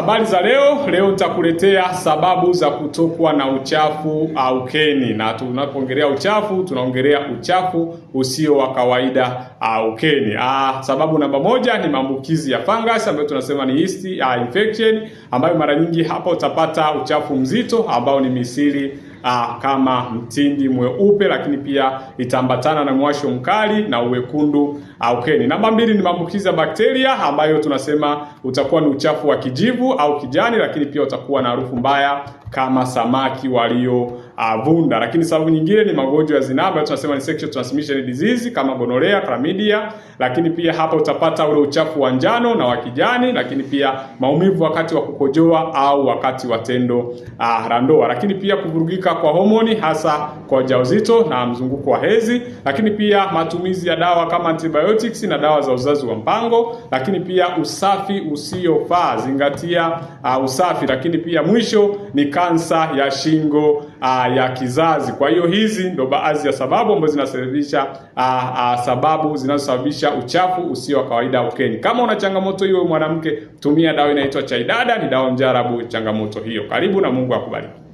habari za leo. Leo nitakuletea sababu za kutokwa na uchafu au keni, na tunapoongelea uchafu tunaongelea uchafu usio wa kawaida au keni. Ah, sababu namba moja ni maambukizi ya fungus ambayo tunasema ni yeast ah, infection, ambayo mara nyingi hapa utapata uchafu mzito ambao ni misili aa, ah, kama mtindi mweupe, lakini pia itaambatana na mwasho mkali na uwekundu aukeni. Ah, namba mbili ni maambukizi ya bakteria ambayo tunasema utakuwa ni uchafu wa kijivu au kijani, lakini pia utakuwa na harufu mbaya kama samaki walio uh, vunda. Lakini sababu nyingine ni magonjwa ya zinaa ambayo tunasema ni sexual transmission disease kama gonorrhea, chlamydia, lakini pia hapa utapata ule uchafu wa njano na wa kijani, lakini pia maumivu wakati wa kukojoa au wakati wa tendo uh, la ndoa, lakini pia kuvurugika kwa homoni hasa kwa ujauzito na mzunguko wa hezi, lakini pia matumizi ya dawa kama antibiotics na dawa za uzazi wa mpango, lakini pia usafi usiofaa, zingatia uh, usafi, lakini pia mwisho ni kansa ya shingo uh, ya kizazi. Kwa hiyo hizi ndo baadhi ya sababu ambazo zinasababisha sababu zinazosababisha uchafu usio wa kawaida ukeni. Kama una changamoto hiyo mwanamke, tumia dawa inaitwa chaidada, ni dawa mjarabu changamoto hiyo. Karibu na Mungu akubariki.